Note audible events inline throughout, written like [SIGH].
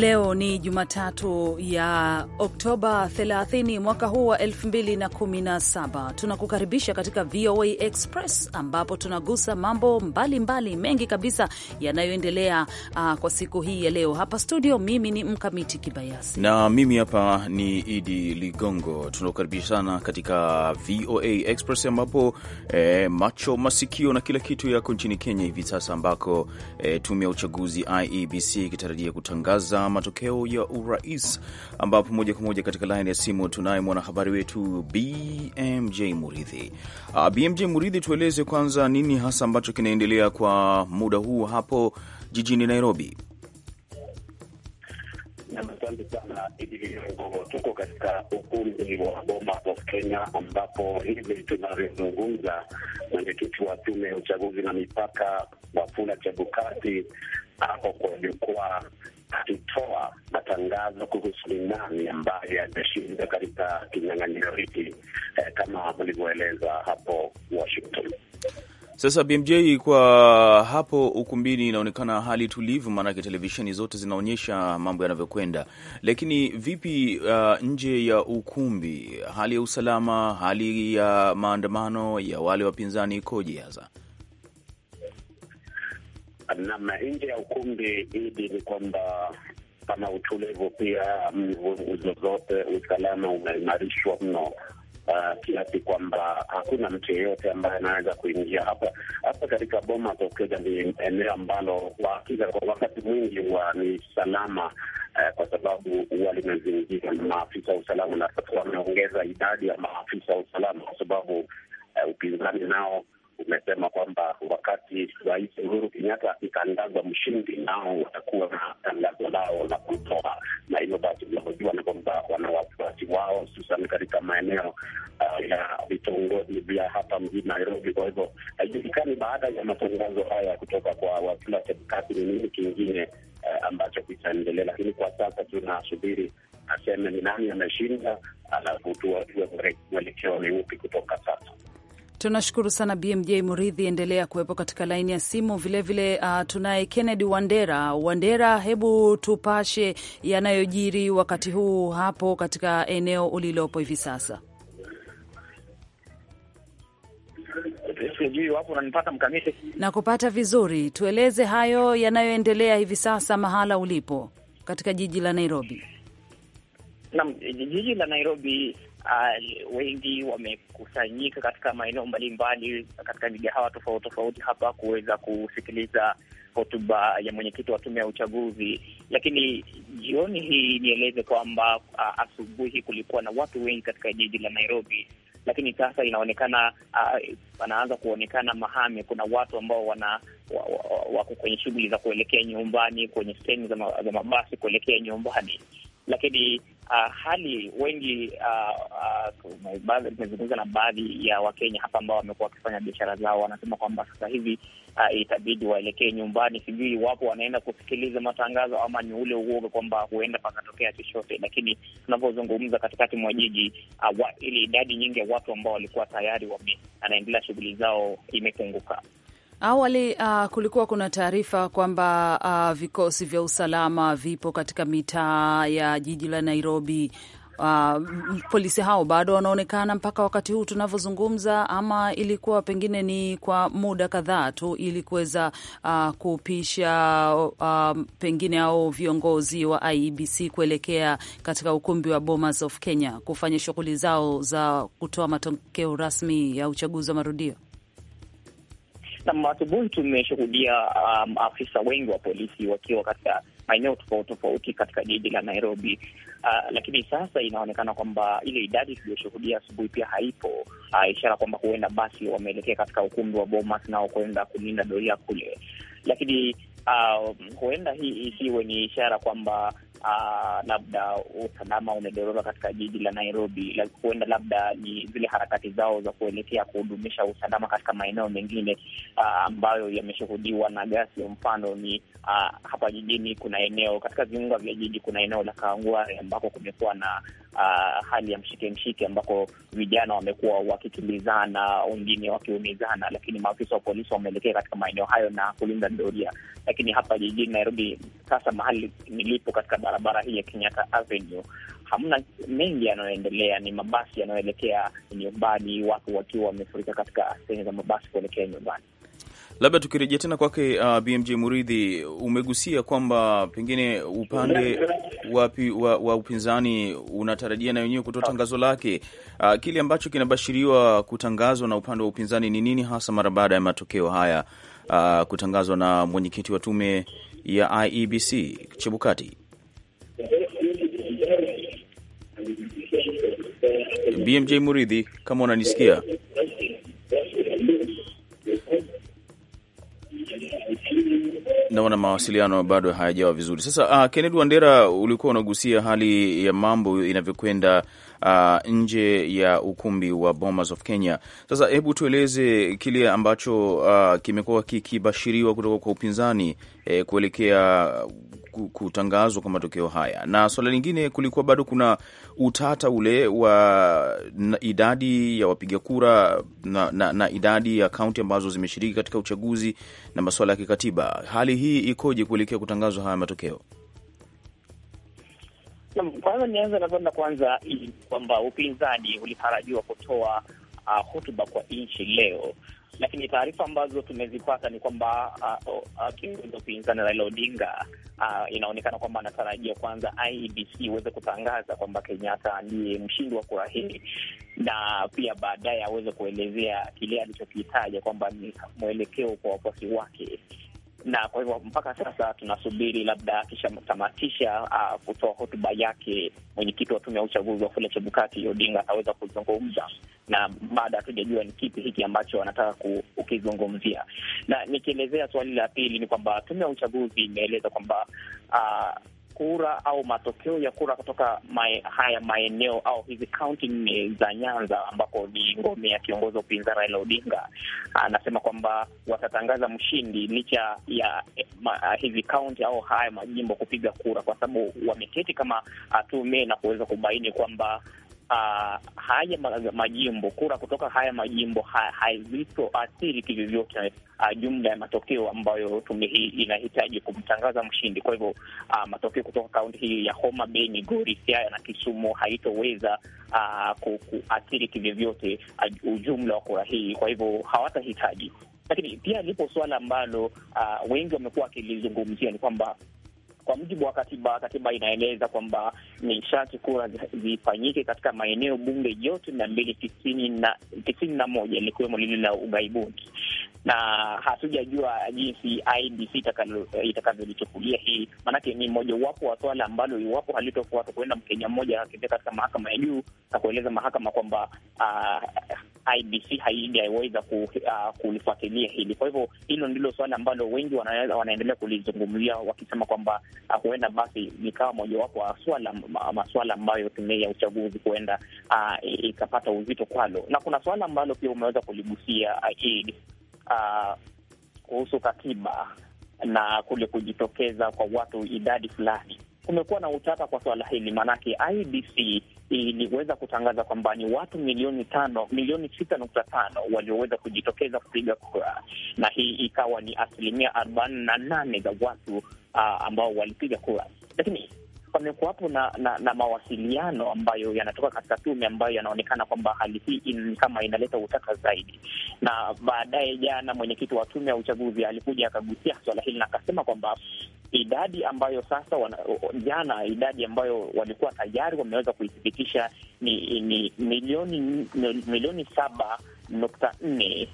Leo ni Jumatatu ya Oktoba 30 mwaka huu wa 2017. Tunakukaribisha katika VOA Express ambapo tunagusa mambo mbalimbali mbali, mengi kabisa yanayoendelea uh, kwa siku hii ya leo hapa studio. Mimi ni Mkamiti Kibayasi na mimi hapa ni Idi Ligongo. Tunakukaribisha sana katika VOA Express ambapo eh, macho masikio na kila kitu yako nchini Kenya hivi sasa ambako eh, tume ya uchaguzi IEBC ikitarajia kutangaza matokeo ya urais, ambapo moja kwa moja katika laini ya simu tunaye mwanahabari wetu BMJ Muridhi. Uh, ah, BMJ Muridhi, tueleze kwanza nini hasa ambacho kinaendelea kwa muda huu hapo jijini Nairobi? Asante sana Idi Ligongo. Tuko katika ukumbi wa Boma of Kenya, ambapo hivi tunavyozungumza mwenyekiti wa tume ya uchaguzi na mipaka Wafula Chebukati ako kwa jukwaa akitoa matangazo kuhusu ni nani ambaye ameshinda katika kinyang'anyiro hiki eh, kama mlivyoeleza hapo Washington. Sasa BMJ, kwa hapo ukumbini inaonekana hali tulivu, maanake televisheni zote zinaonyesha mambo yanavyokwenda, lakini vipi uh, nje ya ukumbi, hali ya usalama, hali ya maandamano ya wale wapinzani ikoje hasa? Nam, nje ya ukumbi hidi ni kwamba kama utulivu pia mvungu zozote, usalama umeimarishwa mno uh, kiasi kwamba hakuna mtu yeyote ambaye anaweza kuingia hapa hapa katika boma tokeja Ni eneo ambalo kwa hakika kwa wakati mwingi huwa ni salama uh, kwa sababu huwa limezingira na maafisa wa usalama, na sasa wameongeza idadi ya maafisa wa usalama kwa sababu uh, upinzani nao umesema kwamba wakati Rais Uhuru Kenyatta akitangazwa mshindi, nao watakuwa na tangazo lao la kutoa na hivyo basi unavyojua ni kwamba wana wafuasi wao hususan katika maeneo uh, ya vitongoji vya hapa mjini Nairobi. Kwa hivyo haijulikani baada ya matangazo haya kutoka kwa wa serikali ni nini kingine uh, ambacho kitaendelea, lakini kwa sasa tunasubiri aseme ni nani ameshinda, alafu tuwajue mwelekeo ni upi kutoka sasa. Tunashukuru sana BMJ Muridhi, endelea kuwepo katika laini ya simu. Vilevile vile, uh, tunaye Kennedy Wandera. Wandera, hebu tupashe yanayojiri wakati huu hapo katika eneo ulilopo hivi sasa. Nakupata vizuri, tueleze hayo yanayoendelea hivi sasa mahala ulipo katika jiji la Nairobi. Naam, jiji la Nairobi Uh, wengi wamekusanyika katika maeneo mbalimbali katika migahawa tofauti tofauti hapa kuweza kusikiliza hotuba ya mwenyekiti wa tume ya uchaguzi. Lakini jioni hii nieleze kwamba uh, asubuhi kulikuwa na watu wengi katika jiji la Nairobi, lakini sasa inaonekana wanaanza ah, uh, kuonekana mahame. Kuna watu ambao wana wako wa, kwenye shughuli za kuelekea nyumbani, kwenye steni za, ma, za mabasi kuelekea nyumbani, lakini uh, hali wengi ah, ah, tumezungumza uh, uh, na baadhi ya Wakenya hapa ambao wamekuwa wakifanya biashara zao, wanasema kwamba sasa hivi uh, itabidi waelekee nyumbani. Sijui iwapo wanaenda kusikiliza matangazo ama ni ule uoga kwamba huenda pakatokea chochote, lakini tunavyozungumza katikati mwa jiji uh, ile idadi nyingi ya watu ambao walikuwa tayari wanaendelea anaendelea shughuli zao imepunguka. Awali uh, kulikuwa kuna taarifa kwamba uh, vikosi vya usalama vipo katika mitaa ya jiji la Nairobi. Uh, polisi hao bado wanaonekana mpaka wakati huu tunavyozungumza, ama ilikuwa pengine ni kwa muda kadhaa tu ili kuweza uh, kupisha uh, pengine au viongozi wa IEBC kuelekea katika ukumbi wa Bomas of Kenya kufanya shughuli zao za kutoa matokeo rasmi ya uchaguzi wa marudio na asubuhi tumeshuhudia um, afisa wengi wa polisi wakiwa katika maeneo tofauti tofauti katika jiji la Nairobi. Uh, lakini sasa inaonekana kwamba ile idadi tuliyoshuhudia asubuhi pia haipo, uh, ishara kwamba huenda basi wameelekea katika ukumbi wa Bomas nao kuenda kulinda doria kule, lakini uh, huenda hii isiwe ni ishara kwamba uh, labda usalama umedorora katika jiji la Nairobi, huenda labda ni zile harakati zao za kuelekea kuhudumisha usalama katika maeneo mengine uh, ambayo yameshuhudiwa na gasi Mfano ni uh, hapa jijini kuna eneo katika viunga vya jiji kuna eneo la Kawangware ambako kumekuwa na uh, hali ya mshike mshike, ambako vijana wamekuwa wakikimbizana, wengine wakiumizana, lakini maafisa wa polisi wameelekea katika maeneo hayo na kulinda doria. Lakini hapa jijini Nairobi sasa, mahali nilipo katika barabara hii ya Kenyatta Avenue, hamna mengi yanayoendelea, ni mabasi yanayoelekea nyumbani, watu wakiwa wamefurika katika sehemu za mabasi kuelekea nyumbani. Labda tukirejea tena kwake uh, BMJ Muridhi, umegusia kwamba pengine upande wapi, wa, wa upinzani unatarajia na wenyewe kutoa tangazo lake. Uh, kile ambacho kinabashiriwa kutangazwa na upande wa upinzani ni nini hasa mara baada ya matokeo haya uh, kutangazwa na mwenyekiti wa tume ya IEBC Chebukati? BMJ Muridhi, kama unanisikia naona mawasiliano bado hayajawa vizuri. Sasa uh, Kennedy Wandera, ulikuwa unagusia hali ya mambo inavyokwenda uh, nje ya ukumbi wa Bomas of Kenya. Sasa hebu tueleze kile ambacho uh, kimekuwa kikibashiriwa kutoka kwa upinzani eh, kuelekea kutangazwa kwa matokeo haya. Na suala lingine, kulikuwa bado kuna utata ule wa idadi ya wapiga kura na, na, na idadi ya kaunti ambazo zimeshiriki katika uchaguzi na masuala ya kikatiba. Hali hii ikoje kuelekea kutangazwa haya matokeo? Kwanza nianza na kwenda kwanza kwamba upinzani ulitarajiwa kutoa uh, hotuba kwa nchi leo lakini taarifa ambazo tumezipata ni kwamba uh, oh, uh, kiongozi wa upinzani Raila Odinga uh, inaonekana kwamba anatarajia kwanza IEBC iweze kutangaza kwamba Kenyatta ndiye mshindi wa kura hii, na pia baadaye aweze kuelezea kile alichokitaja kwamba ni mwelekeo kwa wafuasi wake na kwa hivyo mpaka sasa tunasubiri labda akishatamatisha uh, kutoa hotuba yake mwenyekiti wa tume ya uchaguzi wa Wafula Chebukati Odinga ataweza kuzungumza, na baada hatujajua ni kipi hiki ambacho anataka kukizungumzia. Na nikielezea swali la pili ni kwamba tume ya uchaguzi imeeleza kwamba uh, kura au matokeo ya kura kutoka mae, haya maeneo au hizi kaunti nne za Nyanza ambako ni ngome ya kiongozi wa upinzani Raila Odinga, anasema kwamba watatangaza mshindi licha ya eh, ma, hizi kaunti au haya majimbo kupiga kura, kwa sababu wameketi kama ah, tume na kuweza kubaini kwamba uh, haya majimbo kura kutoka haya majimbo hazitoathiri ha, kivyovyote uh, jumla ya matokeo ambayo tume hii inahitaji kumtangaza mshindi. Kwa hivyo uh, matokeo kutoka kaunti hii ya Homa Bay, Migori, Siaya na Kisumu haitoweza uh, kuathiri kivyovyote uh, ujumla wa kura hii, kwa hivyo hawatahitaji. Lakini pia lipo suala ambalo uh, wengi wamekuwa wakilizungumzia ni kwamba kwa mujibu wa katiba, katiba inaeleza kwamba ni sharti kura zifanyike katika maeneo bunge yote mia mbili tisini na moja likiwemo lile la ughaibuni, na hatujajua jinsi IBC itakavyolichukulia hii, maanake ni mojawapo wa swala ambalo iwapo halitofuata kuenda Mkenya mmoja akiteka katika mahakama ya juu na kueleza mahakama kwamba uh, IBC haijaweza ku, uh, kulifuatilia hili. Kwa hivyo hilo ndilo suala ambalo wengi wana, wanaendelea kulizungumzia wakisema kwamba uh, huenda basi nikawa mojawapo wa swala masuala ambayo tume ya uchaguzi huenda uh, ikapata uzito kwalo, na kuna suala ambalo pia umeweza kuligusia uh, uh, kuhusu katiba na kule kujitokeza kwa watu idadi fulani. Kumekuwa na utata kwa suala hili, maanake IBC iliweza kutangaza kwamba ni watu milioni tano milioni sita nukta tano walioweza kujitokeza kupiga kura, na hii ikawa ni asilimia arobaini na nane za watu uh, ambao walipiga kura, lakini pamekuwapo na, na, na mawasiliano ambayo yanatoka katika tume ambayo yanaonekana kwamba hali hii in, kama inaleta utaka zaidi. Na baadaye jana mwenyekiti wa tume ya uchaguzi alikuja akagusia swala hili na akasema kwamba idadi ambayo sasa wana, jana idadi ambayo walikuwa tayari wameweza kuithibitisha ni, ni milioni milioni saba nukta nne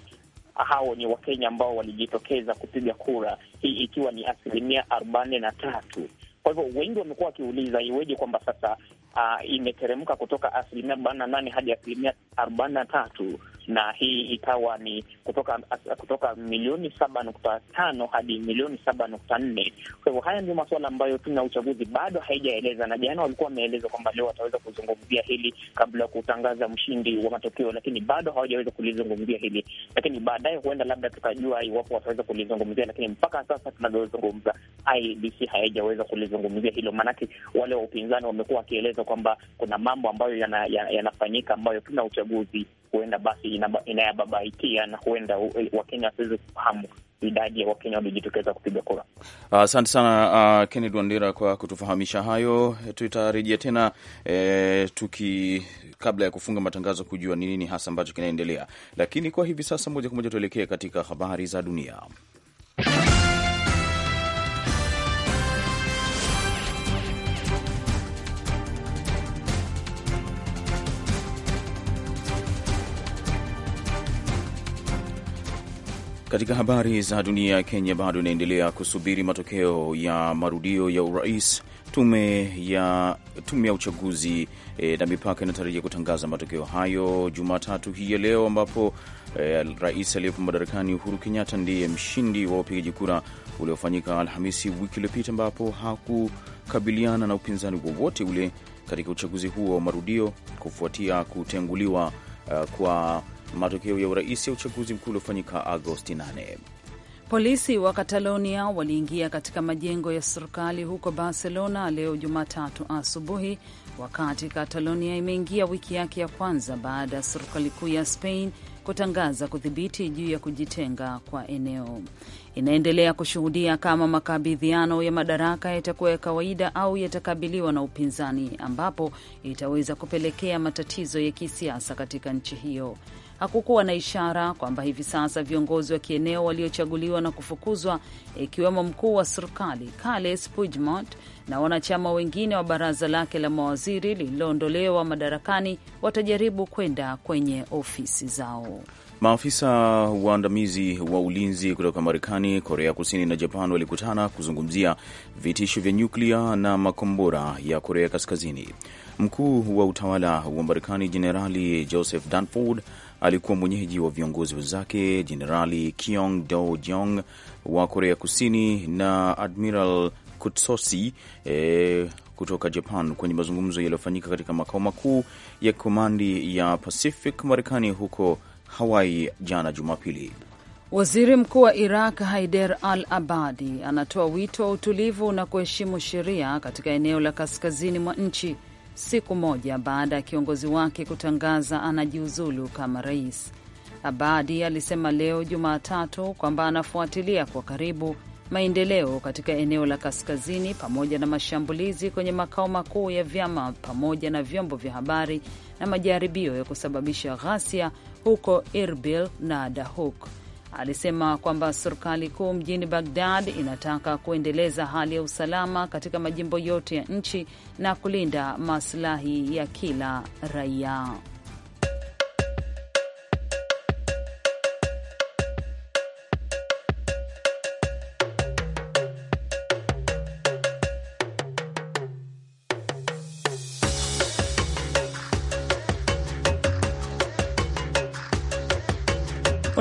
hao ni Wakenya ambao walijitokeza kupiga kura, hii ikiwa ni asilimia arobaini na tatu kwa hivyo wengi wamekuwa wakiuliza iweje kwamba sasa uh, imeteremka kutoka asilimia arobaini na nane hadi asilimia arobaini na tatu na hii ikawa ni kutoka kutoka milioni saba nukta tano hadi milioni saba nukta nne Kwa hivyo haya ndio masuala ambayo tume ya uchaguzi bado haijaeleza, na jana walikuwa wameeleza kwamba leo wataweza kuzungumzia hili kabla ya kutangaza mshindi wa matokeo, lakini bado hawajaweza kulizungumzia hili, lakini baadaye huenda labda tukajua iwapo wataweza kulizungumzia, lakini mpaka sasa tunavyozungumza, IBC haijaweza kulizungumzia hilo. Maanake wale wa upinzani wamekuwa wakieleza kwamba kuna mambo ambayo yanafanyika yana, yana ambayo tume ya uchaguzi huenda basi inayababaikia na huenda eh, Wakenya wasiweze kufahamu idadi ya Wakenya waliojitokeza kupiga kura. Asante uh, sana uh, Kennedy Wandera kwa kutufahamisha hayo. Tutarejea tena eh, tuki kabla ya kufunga matangazo kujua ni nini hasa ambacho kinaendelea, lakini kwa hivi sasa moja kwa moja tuelekee katika habari za dunia. Katika habari za dunia, Kenya bado inaendelea kusubiri matokeo ya marudio ya urais. Tume ya tume ya uchaguzi e, na mipaka inatarajia kutangaza matokeo hayo Jumatatu hii ya leo, ambapo e, rais aliyepo madarakani Uhuru Kenyatta ndiye mshindi wa upigaji kura uliofanyika Alhamisi wiki iliyopita, ambapo hakukabiliana na upinzani wowote ule katika uchaguzi huo wa marudio kufuatia kutenguliwa uh, kwa matokeo ya urais ya uchaguzi mkuu uliofanyika Agosti 8. Polisi wa Katalonia waliingia katika majengo ya serikali huko Barcelona leo Jumatatu asubuhi, wakati Katalonia imeingia wiki yake ya kwanza baada ya serikali kuu ya Spain kutangaza kudhibiti juu ya kujitenga kwa eneo. Inaendelea kushuhudia kama makabidhiano ya madaraka yatakuwa ya kawaida au yatakabiliwa na upinzani, ambapo itaweza kupelekea matatizo ya kisiasa katika nchi hiyo hakukuwa na ishara kwamba hivi sasa viongozi wa kieneo waliochaguliwa na kufukuzwa, ikiwemo mkuu wa serikali Carles Puigdemont na wanachama wengine wa baraza lake la mawaziri lililoondolewa madarakani watajaribu kwenda kwenye ofisi zao. Maafisa waandamizi wa ulinzi kutoka Marekani, Korea Kusini na Japan walikutana kuzungumzia vitisho vya nyuklia na makombora ya Korea Kaskazini. Mkuu wa utawala wa Marekani Jenerali Joseph Dunford alikuwa mwenyeji wa viongozi wenzake Jenerali Kiong Do Jong wa Korea Kusini na Admiral Kutsosi e, kutoka Japan kwenye mazungumzo yaliyofanyika katika makao makuu ya komandi ya Pacific Marekani huko Hawaii jana Jumapili. Waziri Mkuu wa Iraq Haider al-Abadi anatoa wito wa utulivu na kuheshimu sheria katika eneo la kaskazini mwa nchi siku moja baada ya kiongozi wake kutangaza anajiuzulu kama rais. Abadi alisema leo Jumatatu kwamba anafuatilia kwa karibu maendeleo katika eneo la kaskazini pamoja na mashambulizi kwenye makao makuu ya vyama pamoja na vyombo vya habari na majaribio ya kusababisha ghasia huko Erbil na Dahuk alisema kwamba serikali kuu mjini Bagdad inataka kuendeleza hali ya usalama katika majimbo yote ya nchi na kulinda maslahi ya kila raia.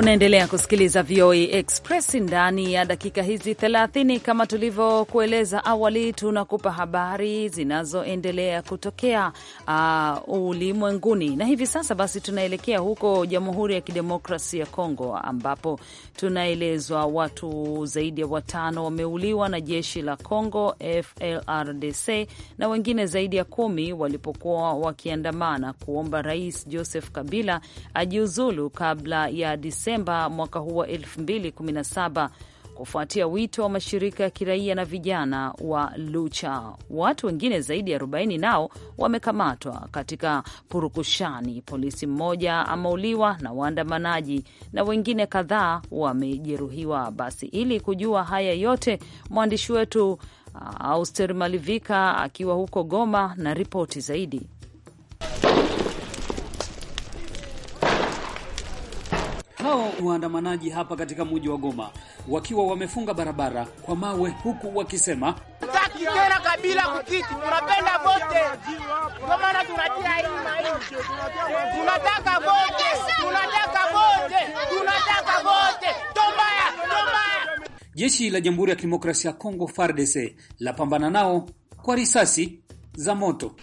Unaendelea kusikiliza VOA e Express ndani ya dakika hizi 30. Kama tulivyokueleza awali, tunakupa habari zinazoendelea kutokea uh, ulimwenguni na hivi sasa basi, tunaelekea huko Jamhuri ya Kidemokrasi ya Kongo ambapo tunaelezwa watu zaidi ya watano wameuliwa na jeshi la Kongo FLRDC na wengine zaidi ya kumi walipokuwa wakiandamana kuomba Rais Joseph Kabila ajiuzulu kabla ya Disemba Desemba mwaka huu wa 2017 kufuatia wito wa mashirika ya kiraia na vijana wa Lucha. Watu wengine zaidi ya 40 nao wamekamatwa katika purukushani. Polisi mmoja ameuliwa na waandamanaji na wengine kadhaa wamejeruhiwa. Basi ili kujua haya yote, mwandishi wetu uh, Auster Malivika akiwa huko Goma na ripoti zaidi. hao waandamanaji hapa katika mji wa Goma wakiwa wamefunga barabara kwa mawe, huku wakisema taki tena kabila kukiti, tunapenda vote, ndio maana tunatia hii maisha, tunataka vote, tunataka vote, tunataka vote, tombaya, tombaya. Jeshi la Jamhuri ya Kidemokrasia ya Kongo FARDC la pambana nao kwa risasi za moto.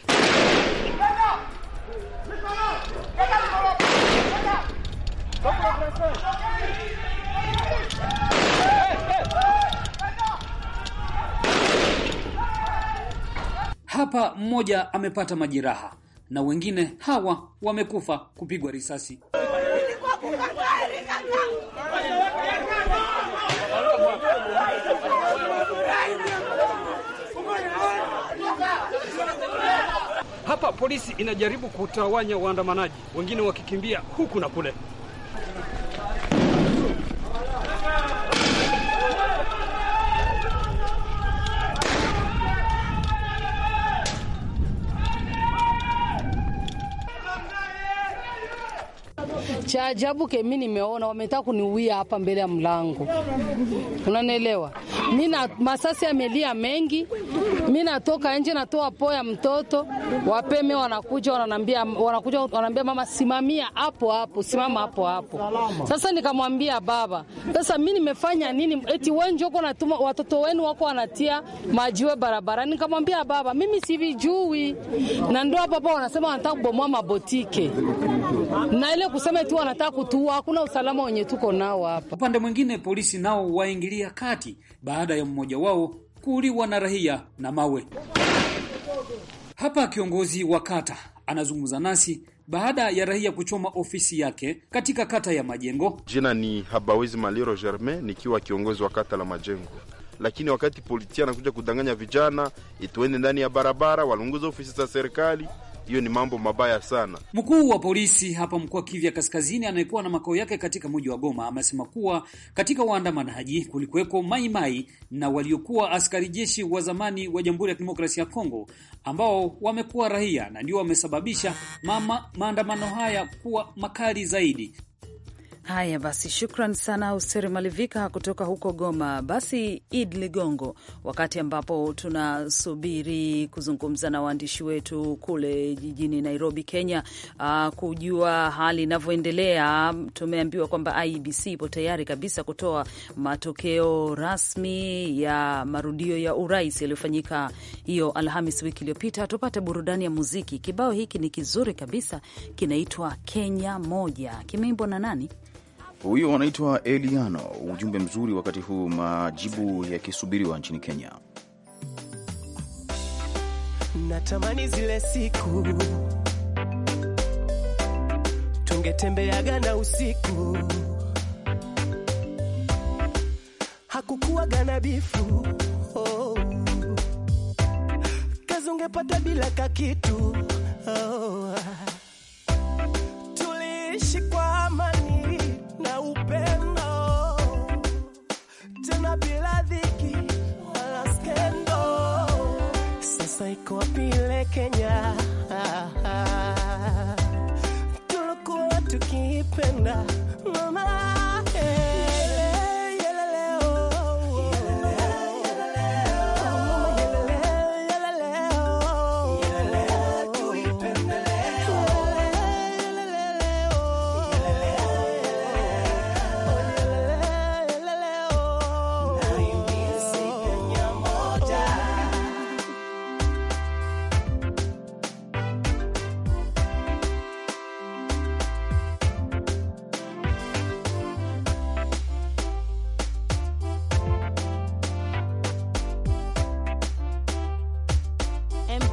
Hapa mmoja amepata majeraha na wengine hawa wamekufa kupigwa risasi. Hapa polisi inajaribu kutawanya waandamanaji, wengine wakikimbia huku na kule. cha ajabu kemi nimeona wametaka kuniuia hapa mbele ya mlango, unanielewa? mina masasi amelia mengi, mi natoka nje, natoa po ya mtoto wapeme, wanakuja wananiambia, wanakuja wanaambia mama, simamia hapo hapo, simama hapo hapo. Sasa nikamwambia baba, sasa mi nimefanya nini? Eti uko natuma watoto wenu wako wanatia majiwe barabara. Nikamwambia baba, mimi sivijui, na ndo hapo hapo wanasema wanataka kubomoa mabotike na ile kusema eti wanataka kutua. Hakuna usalama wenye tuko nao hapa. Upande mwingine polisi nao waingilia kati ba baada ya mmoja wao kuuliwa na raia na mawe. Hapa kiongozi wa kata anazungumza nasi baada ya raia kuchoma ofisi yake katika kata ya Majengo. Jina ni Habawezi Maliro Germain, nikiwa kiongozi wa kata la Majengo. Lakini wakati polisia anakuja kudanganya vijana ituende ndani ya barabara, walunguza ofisi za serikali hiyo ni mambo mabaya sana. Mkuu wa polisi hapa mkoa kivya Kaskazini, anayekuwa na makao yake katika mji wa Goma, amesema kuwa katika waandamanaji kulikuweko maimai na waliokuwa askari jeshi wa zamani wa Jamhuri ya Kidemokrasia ya Kongo ambao wamekuwa raia na ndio wamesababisha maandamano haya kuwa makali zaidi. Haya basi, shukran sana useri Malivika kutoka huko Goma. Basi Id Ligongo, wakati ambapo tunasubiri kuzungumza na waandishi wetu kule jijini Nairobi, Kenya, uh, kujua hali inavyoendelea, tumeambiwa kwamba ibc e ipo tayari kabisa kutoa matokeo rasmi ya marudio ya urais yaliyofanyika hiyo Alhamis wiki iliyopita. Tupate burudani ya muziki. Kibao hiki ni kizuri kabisa, kinaitwa Kenya Moja, kimeimbwa na nani? Huyo anaitwa Eliano. Ujumbe mzuri wakati huu majibu yakisubiriwa nchini Kenya. Natamani zile siku tungetembeaga na usiku, hakukuwa gana bifu oh. Kazi ungepata bila kakitu oh. Tuliishi kwa amani iko pile Kenya tulikuwa tukipenda mama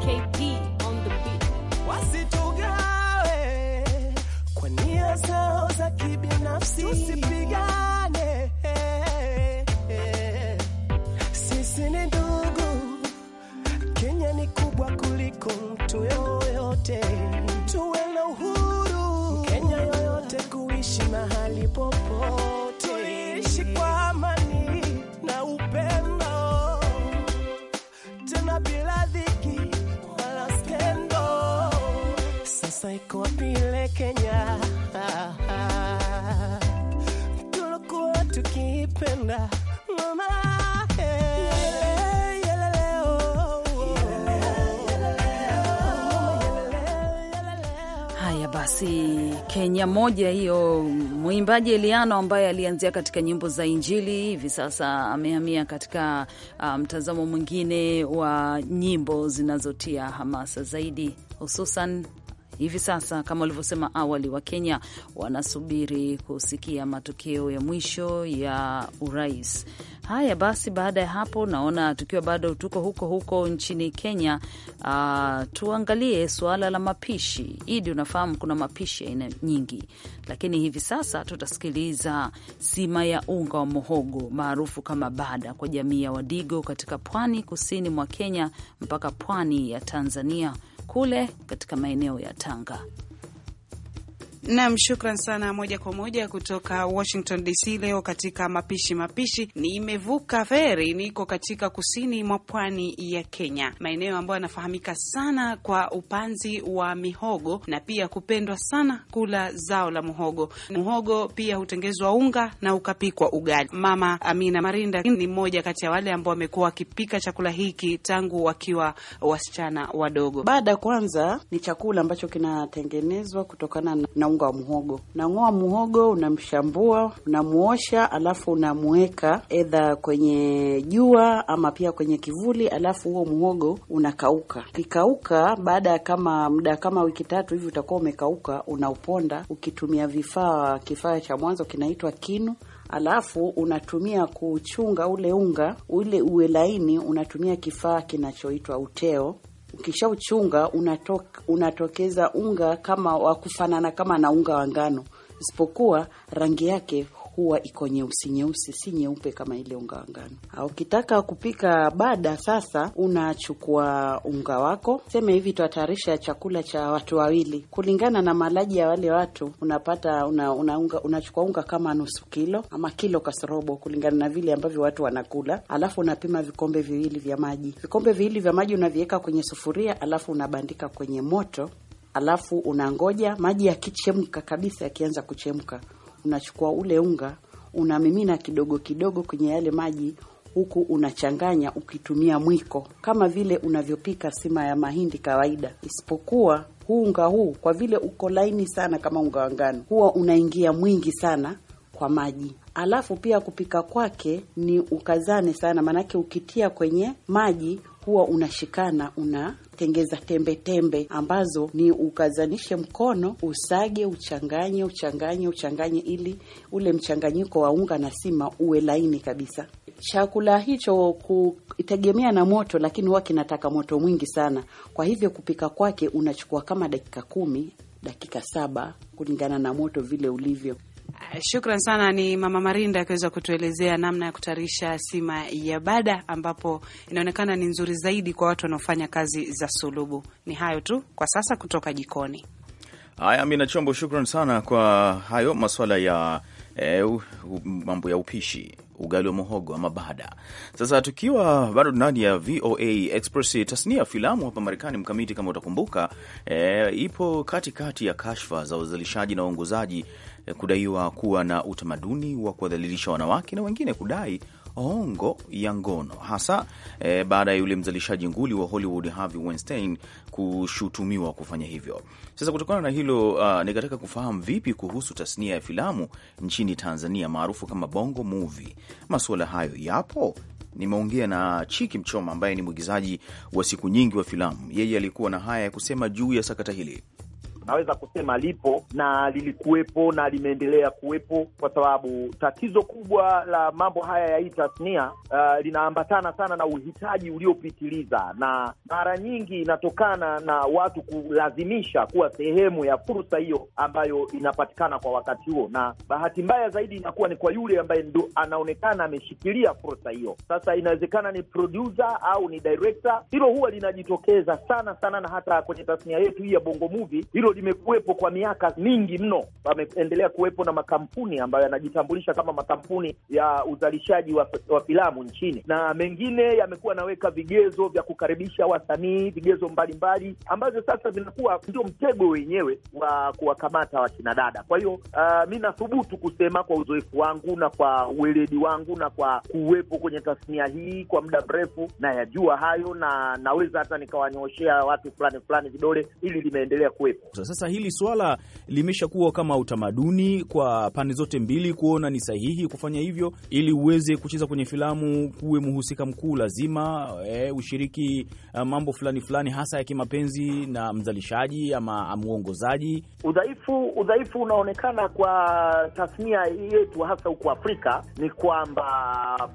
KD on the beat. Wasitugawe kwa nia zao za kibinafsi, tusipigane. Sisi ni ndugu, Kenya ni kubwa kuliko mtu yoyote. Tuwe na uhuru Kenya yoyote kuishi mahali popote kupenda mama Haya basi, Kenya moja hiyo, mwimbaji Eliano ambaye alianzia katika nyimbo za Injili, hivi sasa amehamia katika uh, mtazamo um, mwingine wa nyimbo zinazotia hamasa zaidi hususan hivi sasa, kama walivyosema awali, Wakenya wanasubiri kusikia matokeo ya mwisho ya urais. Haya basi, baada ya hapo, naona tukiwa bado tuko huko huko nchini Kenya, uh, tuangalie suala la mapishi. Idi, unafahamu kuna mapishi aina nyingi, lakini hivi sasa tutasikiliza sima ya unga wa mohogo maarufu kama bada kwa jamii ya Wadigo katika pwani kusini mwa Kenya mpaka pwani ya Tanzania kule katika maeneo ya Tanga. Nam, shukran sana. Moja kwa moja kutoka Washington DC. Leo katika mapishi mapishi, nimevuka feri, niko katika kusini mwa pwani ya Kenya, maeneo ambayo yanafahamika sana kwa upanzi wa mihogo na pia kupendwa sana kula zao la muhogo. Muhogo pia hutengezwa unga na ukapikwa ugali. Mama Amina Marinda ni mmoja kati ya wale ambao wamekuwa wakipika chakula hiki tangu wakiwa wasichana wadogo. Baada ya kwanza, ni chakula ambacho kinatengenezwa kutokana na unga wa muhogo. Unang'oa muhogo, unamshambua, unamuosha, alafu unamuweka edha kwenye jua ama pia kwenye kivuli, alafu huo muhogo unakauka. Ukikauka baada ya kama muda kama wiki tatu hivi utakuwa umekauka, unauponda ukitumia vifaa. Kifaa cha mwanzo kinaitwa kinu alafu unatumia kuchunga ule unga ule uwe laini, unatumia kifaa kinachoitwa uteo ukishauchunga uchunga unatokeza unga kama wa kufanana kama na unga wa ngano, isipokuwa rangi yake huwa iko nyeusi nyeusi, si nyeupe kama ile unga wa ngano. Ah, ukitaka kupika bada, sasa unachukua unga wako, sema hivi twatayarisha chakula cha watu wawili, kulingana na malaji ya wale watu. Unapata una, una unga, unachukua unga kama nusu kilo ama kilo kasorobo, kulingana na vile ambavyo watu wanakula, alafu unapima vikombe viwili vya maji. Vikombe viwili vya maji unaviweka kwenye sufuria, alafu unabandika kwenye moto alafu unangoja maji yakichemka kabisa, yakianza kuchemka, unachukua ule unga unamimina kidogo kidogo kwenye yale maji, huku unachanganya ukitumia mwiko kama vile unavyopika sima ya mahindi kawaida, isipokuwa huu unga huu kwa vile uko laini sana kama unga wa ngano, huwa unaingia mwingi sana kwa maji. Alafu pia kupika kwake ni ukazane sana, maanake ukitia kwenye maji huwa unashikana unatengeza tembe tembe ambazo ni ukazanishe mkono, usage, uchanganye, uchanganye, uchanganye ili ule mchanganyiko wa unga na sima uwe laini kabisa. Chakula hicho kutegemea na moto, lakini huwa kinataka moto mwingi sana. Kwa hivyo kupika kwake unachukua kama dakika kumi dakika saba kulingana na moto vile ulivyo. Eh, shukran sana, ni Mama Marinda akiweza kutuelezea namna ya kutayarisha sima ya bada, ambapo inaonekana ni nzuri zaidi kwa watu wanaofanya kazi za sulubu. Ni hayo tu kwa sasa kutoka jikoni. Haya, Amina Chombo, shukran sana kwa hayo maswala ya eh, mambo ya upishi ugali wa muhogo ama bada. Sasa tukiwa bado ndani ya VOA Express, tasnia ya filamu hapa Marekani, mkamiti, kama utakumbuka, e, ipo katikati kati ya kashfa za uzalishaji na uongozaji Eh, kudaiwa kuwa na utamaduni wa kuwadhalilisha wanawake na wengine kudai hongo ya ngono hasa e, baada ya yule mzalishaji nguli wa Hollywood Harvey Weinstein kushutumiwa kufanya hivyo. Sasa kutokana na hilo uh, ah, nikataka kufahamu vipi kuhusu tasnia ya filamu nchini Tanzania maarufu kama bongo movie, masuala hayo yapo? Nimeongea na Chiki Mchoma ambaye ni mwigizaji wa siku nyingi wa filamu, yeye alikuwa na haya ya kusema juu ya sakata hili naweza kusema lipo na lilikuwepo na limeendelea kuwepo, kwa sababu tatizo kubwa la mambo haya ya hii tasnia uh, linaambatana sana na uhitaji uliopitiliza, na mara nyingi inatokana na watu kulazimisha kuwa sehemu ya fursa hiyo ambayo inapatikana kwa wakati huo, na bahati mbaya zaidi inakuwa ni kwa yule ambaye ndo anaonekana ameshikilia fursa hiyo. Sasa inawezekana ni producer au ni director, hilo huwa linajitokeza sana sana, na hata kwenye tasnia yetu hii ya Bongo Movie hilo limekuwepo kwa miaka mingi mno. Pameendelea kuwepo na makampuni ambayo yanajitambulisha kama makampuni ya uzalishaji wa, wa filamu nchini, na mengine yamekuwa yanaweka vigezo vya kukaribisha wasanii, vigezo mbalimbali ambavyo sasa vinakuwa ndio mtego wenyewe wa kuwakamata wakina dada. Kwa hiyo uh, mi nathubutu kusema kwa uzoefu wangu na kwa uweledi wangu na kwa kuwepo kwenye tasnia hii kwa muda mrefu, nayajua hayo na naweza hata nikawanyooshea watu fulani fulani vidole, ili limeendelea kuwepo. Sasa hili swala limeshakuwa kama utamaduni kwa pande zote mbili kuona ni sahihi kufanya hivyo. Ili uweze kucheza kwenye filamu, kuwe mhusika mkuu, lazima e, ushiriki eh, mambo fulani fulani, hasa ya kimapenzi na mzalishaji ama muongozaji. Udhaifu udhaifu unaonekana kwa tasnia yetu hasa huko Afrika ni kwamba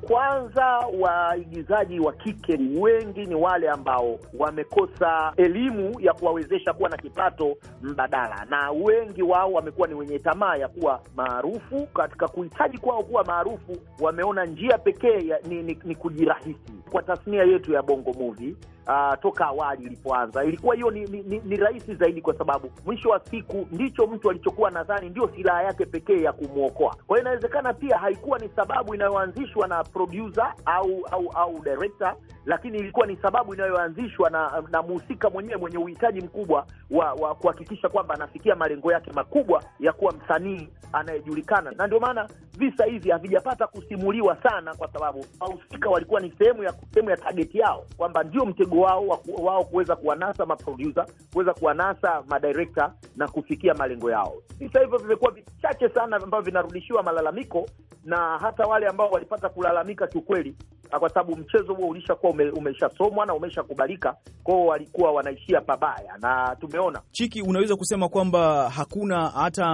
kwanza, waigizaji wa kike wengi ni wale ambao wamekosa elimu ya kuwawezesha kuwa na kipato mbadala, na wengi wao wamekuwa ni wenye tamaa ya kuwa maarufu. Katika kuhitaji kwao kuwa maarufu, wameona njia pekee ni, ni, ni kujirahisi. Kwa tasnia yetu ya bongo movie uh, toka awali ilipoanza ilikuwa hiyo ni, ni, ni rahisi zaidi, kwa sababu mwisho wa siku ndicho mtu alichokuwa nadhani ndio silaha yake pekee ya kumwokoa. Kwa hiyo inawezekana pia haikuwa ni sababu inayoanzishwa na producer au au au director, lakini ilikuwa ni sababu inayoanzishwa na, na mhusika mwenyewe mwenye uhitaji mkubwa wa, wa kuhakikisha kwamba anafikia malengo yake makubwa ya kuwa msanii anayejulikana, na ndio maana visa hivi havijapata kusimuliwa sana, kwa sababu wahusika walikuwa ni sehemu ya sehemu ya target yao, kwamba ndio mtego wao wao kuweza kuwanasa maproducer, kuweza kuwanasa madirekta na kufikia malengo yao. Visa hivyo vimekuwa vichache sana ambavyo vinarudishiwa malalamiko, na hata wale ambao walipata kulalamika kiukweli Ah, kwa sababu mchezo huo ulishakuwa ume, umeshasomwa na umeshakubalika kwao, walikuwa wanaishia pabaya, na tumeona Chiki, unaweza kusema kwamba hakuna hata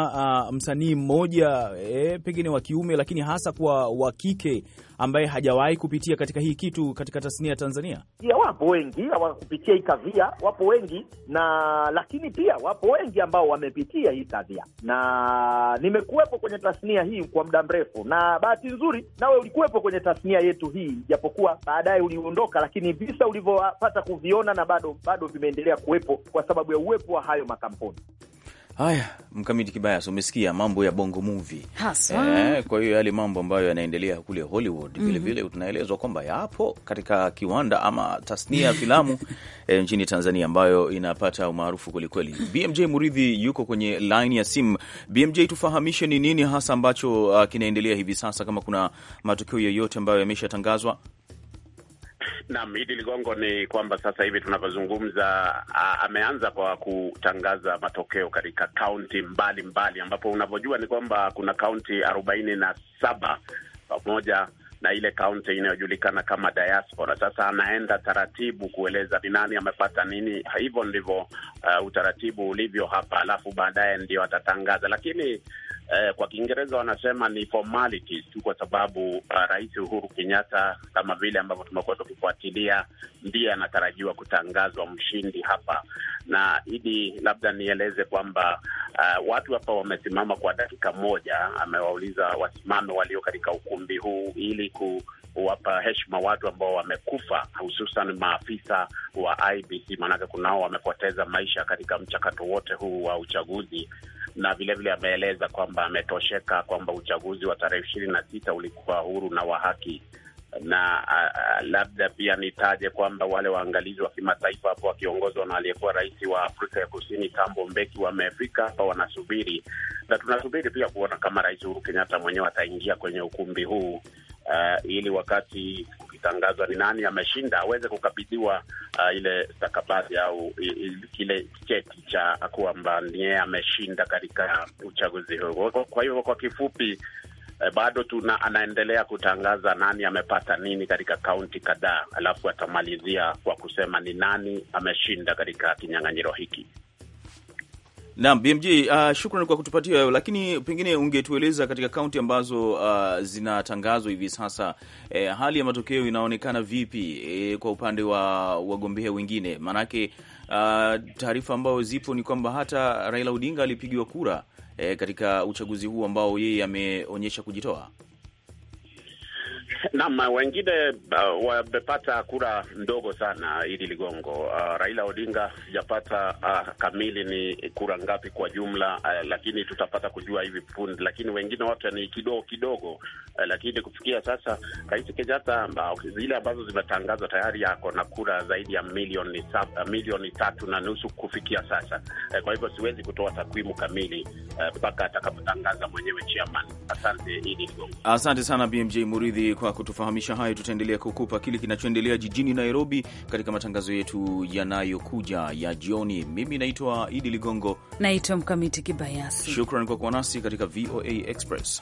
uh, msanii mmoja eh, pengine wa kiume, lakini hasa kwa wa kike ambaye hajawahi kupitia katika hii kitu katika tasnia ya Tanzania? Ya, wapo wengi hawakupitia hii kadhia, wapo wengi na lakini pia wapo wengi ambao wamepitia hii kadhia, na nimekuwepo kwenye tasnia hii kwa muda mrefu, na bahati nzuri nawe ulikuwepo kwenye tasnia yetu hii, japokuwa baadaye uliondoka, lakini visa ulivyopata kuviona na bado bado vimeendelea kuwepo kwa sababu ya uwepo wa hayo makampuni. Haya, mkamiti kibayasi, umesikia mambo ya bongo movie Eh, kwa hiyo yale mambo ambayo yanaendelea kule Hollywood vilevile, mhm. mm -hmm. vile tunaelezwa kwamba yapo katika kiwanda ama tasnia ya filamu [LAUGHS] eh, nchini Tanzania ambayo inapata umaarufu kwelikweli. BMJ Muridhi yuko kwenye laini ya simu. BMJ, tufahamishe ni nini hasa ambacho uh, kinaendelea hivi sasa, kama kuna matukio yoyote ambayo yameshatangazwa? Naam, Idi Ligongo, ni kwamba sasa hivi tunavyozungumza ameanza kwa kutangaza matokeo katika kaunti mbalimbali, ambapo unavyojua ni kwamba kuna kaunti arobaini na saba pamoja na ile kaunti inayojulikana kama diaspora. Sasa anaenda taratibu kueleza ni nani amepata nini. Hivyo ndivyo uh, utaratibu ulivyo hapa, alafu baadaye ndio atatangaza, lakini eh, kwa Kiingereza wanasema ni formalities tu, kwa sababu uh, Rais Uhuru Kenyatta kama vile ambavyo tumekuwa tukifuatilia, ndiye anatarajiwa kutangazwa mshindi hapa. Na hidi labda nieleze kwamba uh, watu hapa wamesimama kwa dakika moja, amewauliza wasimame walio katika ukumbi huu ili ku kuwapa heshima watu ambao wamekufa, hususan maafisa wa IBC, maanake kunao wamepoteza maisha katika mchakato wote huu wa uchaguzi na vilevile ameeleza kwamba ametosheka kwamba uchaguzi wa tarehe ishirini na sita ulikuwa huru na wa haki na a, a, labda pia nitaje kwamba wale waangalizi wa kimataifa hapo wakiongozwa na aliyekuwa rais wa Afrika ya Kusini Thabo Mbeki wamefika hapa, wanasubiri na tunasubiri pia kuona kama Rais Uhuru Kenyatta mwenyewe ataingia kwenye ukumbi huu uh, ili wakati ukitangazwa ni nani ameshinda aweze kukabidhiwa uh, ile stakabadhi au kile cheti cha kwamba niye ameshinda katika uchaguzi huu. Kwa hivyo kwa kifupi eh, bado tuna anaendelea kutangaza nani amepata nini katika kaunti kadhaa, alafu atamalizia kwa kusema ni nani ameshinda katika kinyang'anyiro hiki. Naam, BMJ, uh, shukran kwa kutupatia hayo, lakini pengine ungetueleza katika kaunti ambazo uh, zinatangazwa hivi sasa eh, hali ya matokeo inaonekana vipi eh, kwa upande wa wagombea wengine? Maanake uh, taarifa ambayo zipo ni kwamba hata Raila Odinga alipigiwa kura eh, katika uchaguzi huu ambao yeye ameonyesha kujitoa. Naam, wengine uh, wamepata kura ndogo sana. Idi Ligongo, uh, Raila Odinga sijapata uh, kamili ni kura ngapi kwa jumla uh, lakini tutapata kujua hivi punde, lakini wengine wote ni kidogo kidogo uh, lakini kufikia sasa Rais Kenyatta uh, zile ambazo zimetangazwa tayari yako na kura zaidi ya milioni saba, uh, milioni tatu na nusu kufikia sasa uh, kwa hivyo siwezi kutoa takwimu kamili uh, mpaka uh, atakapotangaza mwenyewe chairman. Asante Idi Ligongo. Asante sana BMJ Muridhi kwa kutufahamisha hayo, tutaendelea kukupa kile kinachoendelea jijini Nairobi katika matangazo yetu yanayokuja ya jioni. Mimi naitwa Idi Ligongo, naitwa Mkamiti Kibayasi. Shukran kwa kuwa nasi katika VOA Express.